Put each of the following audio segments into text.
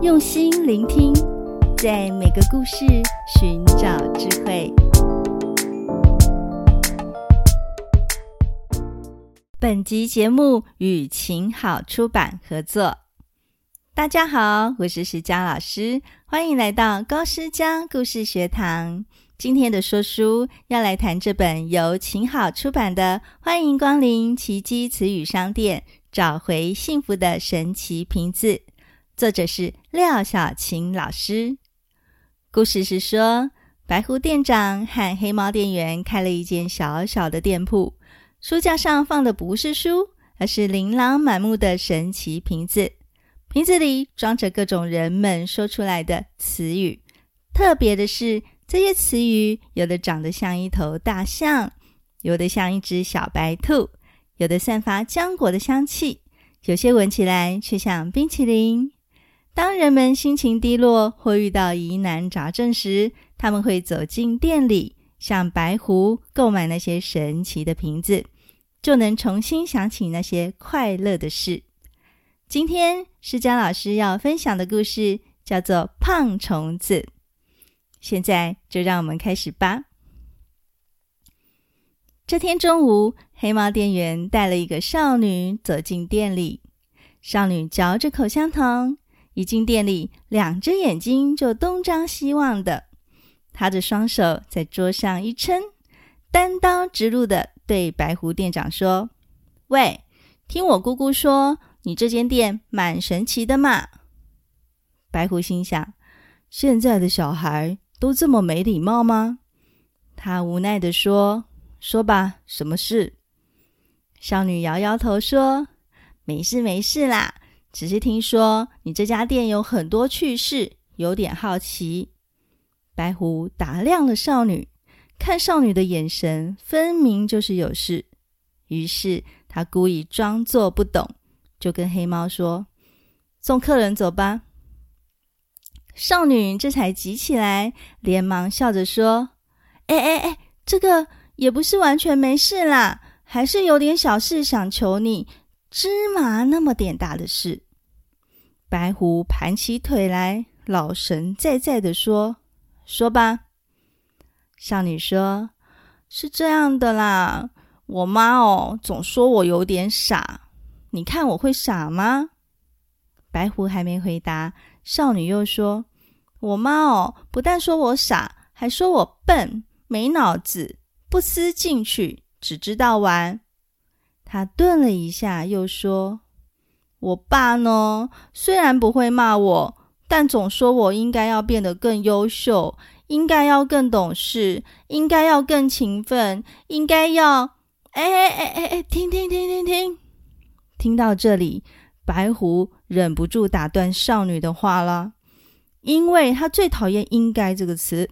用心聆聽，在每個故事尋找智慧。本集節目與晴好出版合作。大家好，我是詩佳老師，歡迎來到高詩佳故事學堂。今天的說書要來談這本由晴好出版的《歡迎光臨奇蹟詞語商店》，找回幸福的神奇瓶子。作者是廖小琴老師。故事是說，白狐店長和黑貓店員開了一間小小的店鋪，書架上放的不是書，而是琳琅滿目的神奇瓶子。瓶子裡裝着各種人們說出來的詞語。特別的是，這些詞語有的長得像一頭大象，有的像一隻小白兔，有的散發漿果的香氣，有些聞起來卻像冰淇淋。當人們心情低落或遇到疑難雜症時，他們會走進店裡，向白狐購買那些神奇的瓶子，就能重新想起那些快樂的事。今天是詩佳老師要分享的故事，叫做《胖蟲子》。現在就讓我們開始吧。這天中午，黑貓店員帶了一個少女走進店裡，少女嚼着口香糖。一進店裡，兩隻眼睛就東張西望的，他的雙手在桌上一撐，單刀直入地對白狐店長說：“喂，聽我姑姑說，你這間店蠻神奇的嘛。”白狐心想：“現在的小孩都這麼沒禮貌嗎？”他無奈地說：“說吧，什麼事？”少女搖搖頭說：“沒事，沒事啦。”只是聽說你這家店有很多趣事，有點好奇。白狐打量了少女，看少女的眼神分明就是有事，於是他故意裝作不懂，就跟黑貓說：“送客人走吧。”少女這才急起來，連忙笑着說：“哎哎哎，這個也不是完全沒事啦，還是有點小事想求你。”芝麻那麼點大的事，白狐盤起腿來，老神在在地說：“說吧。”少女說：“是這樣的啦，我媽哦，總說我有點傻。你看我會傻嗎？”白狐還沒回答，少女又說：“我媽哦，不但說我傻，還說我笨，沒腦子，不思進取，只知道玩。”他頓了一下，又說：“我爸呢，雖然不會罵我，但總說我應該要變得更優秀，應該要更懂事，應該要更勤奮，應該要……哎哎哎哎哎，聽聽聽聽聽。聽到這裡，白狐忍不住打斷少女的話了，因為他最討厭‘應該’這個詞。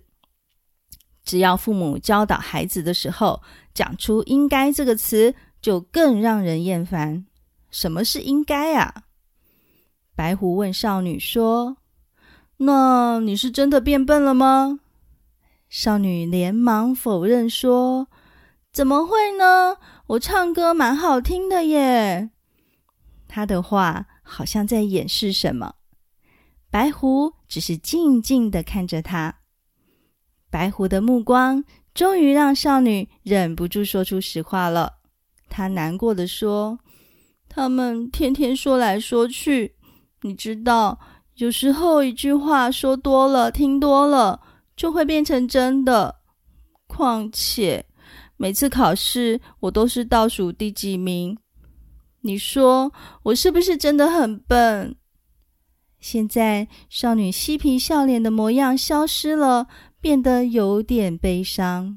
只要父母教導孩子的時候講出‘應該’這個詞。”就更讓人厭煩。什麼是應該啊？白狐問少女說：“那你是真的變笨了嗎？”少女連忙否認說：“怎麼會呢？我唱歌蠻好聽的耶。”他的話好像在掩飾什麼。白狐只是靜靜的看着他。白狐的目光終於讓少女忍不住說出實話了。他難過地說：“他們天天說來說去，你知道，有時候一句話說多了，聽多了就會變成真的。況且每次考試我都是倒數第幾名，你說我是不是真的很笨？”現在，少女嬉皮笑臉的模樣消失了，變得有點悲傷。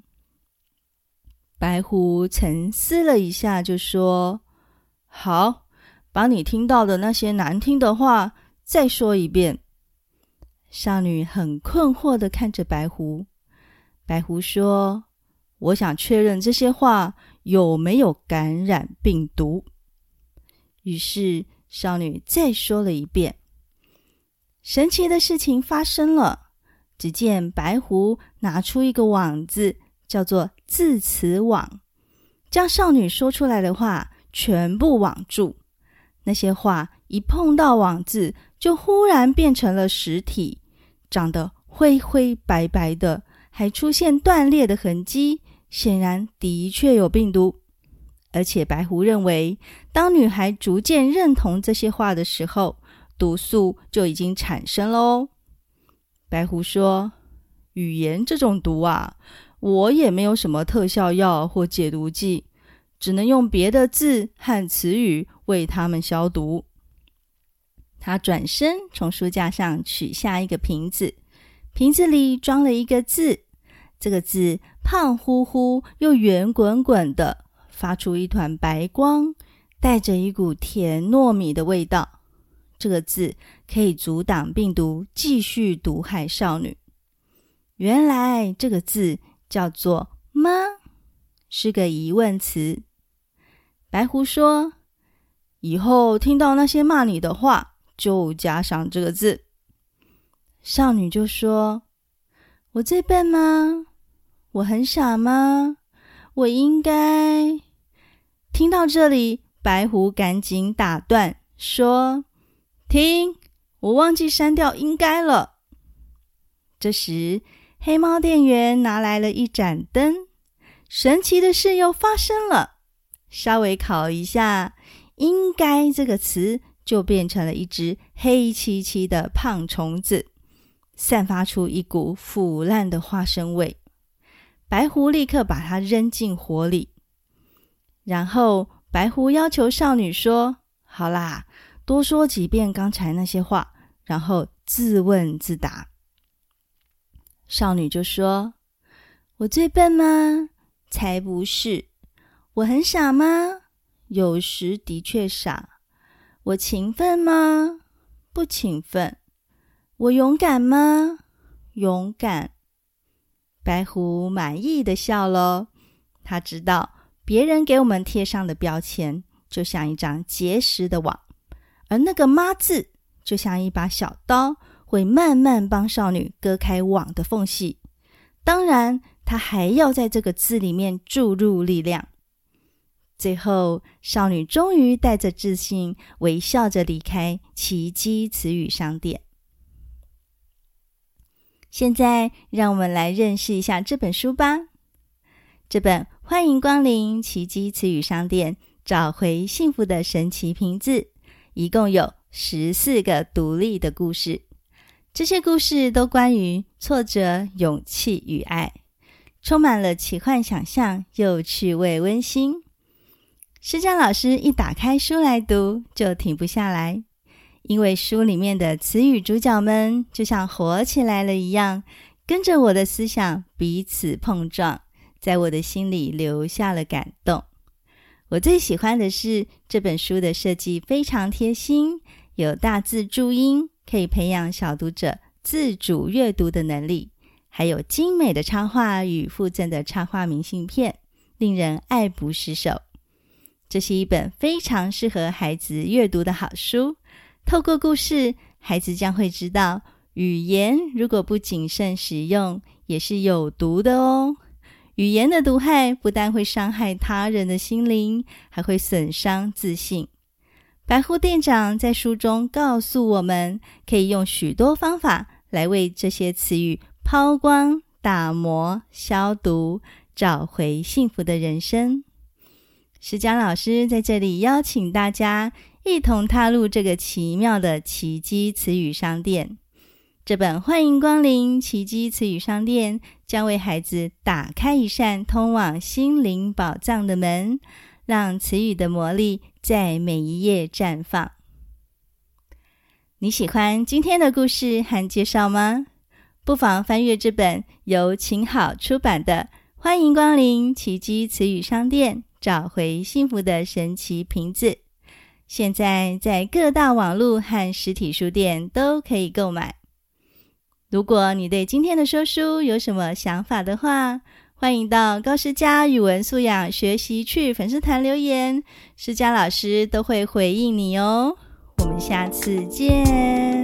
白狐沉思了一下，就說：“好，把你聽到的那些難聽的話再說一遍。”少女很困惑的看着白狐。白狐說：“我想確認這些話有沒有感染病毒。”於是少女再說了一遍。神奇的事情發生了，只見白狐拿出一個網子，叫做。字詞網將少女說出來的話全部網住，那些話一碰到網字，就忽然變成了實體，長得灰灰白白的，還出現斷裂的痕跡，顯然的確有病毒。而且白狐認為，當女孩逐漸認同這些話的時候，毒素就已經產生了哦。白狐說：“語言這種毒啊。”我也沒有什麼特效藥或解毒劑，只能用別的字和詞語為他們消毒。他轉身從書架上取下一個瓶子，瓶子裡裝了一個字。這個字胖乎乎又圓滾滾的，發出一團白光，帶着一股甜糯米的味道。這個字可以阻擋病毒繼續毒害少女。原來這個字叫做嗎？是個疑問詞。白狐說：“以後聽到那些罵你的話，就加上這個字。”少女就說：“我最笨嗎？我很傻嗎？我應該……”聽到這裡，白狐趕緊打斷，說：“聽，我忘記刪掉‘應該’了。”這時，黑貓店員拿來了一盞燈，神奇的事又發生了。稍微烤一下，"應該"這個詞就變成了一只黑漆漆的胖蟲子，散發出一股腐爛的花生味。白狐立刻把它扔進火裡，然後白狐要求少女說："好啦，多說幾遍剛才那些話，然後自問自答。"少女就說：“我最笨嗎？才不是！我很傻嗎？有時的確傻。我勤奮嗎？不勤奮。我勇敢嗎？勇敢。”白狐滿意的笑了。他知道，別人給我們貼上的標籤，就像一張結實的網，而那個“嗎”字，就像一把小刀。會慢慢幫少女割開網的縫隙，當然，她還要在這個字裡面注入力量。最後，少女終於帶着自信，微笑着離開奇蹟詞語商店。現在，讓我們來認識一下這本書吧。這本《歡迎光臨奇蹟詞語商店：找回幸福的神奇瓶子》，一共有十四個獨立的故事。這些故事都關於挫折、勇氣與愛，充滿了奇幻想象又趣味溫馨。詩佳老師一打開書來讀就停不下來，因為書裡面的詞語主角們就像活起來了一樣，跟着我的思想彼此碰撞，在我的心裡留下了感動。我最喜歡的是這本書的設計非常貼心，有大字注音。可以培養小讀者自主閱讀的能力，還有精美的插畫與附贈的插畫明信片，令人愛不釋手。這是一本非常適合孩子閱讀的好書。透過故事，孩子將會知道，語言如果不謹慎使用，也是有毒的哦。語言的毒害不但會傷害他人的心靈，還會損傷自信。白狐店長在書中告訴我們，可以用許多方法來為這些詞語拋光、打磨、消毒，找回幸福的人生。詩佳老師在這裡邀請大家一同踏入這個奇妙的奇蹟詞語商店。這本《歡迎光臨奇蹟詞語商店》將為孩子打開一扇通往心靈寶藏的門。讓詞語的魔力在每一頁綻放。你喜歡今天的故事和介紹嗎？不妨翻閱這本由晴好出版的《歡迎光臨奇蹟詞語商店》，找回幸福的神奇瓶子。現在在各大網絡和實體書店都可以購買。如果你對今天的說書有什麼想法的話，歡迎到高詩佳語文素養學習區粉絲團留言，詩佳老師都會回應你哦。我們下次見。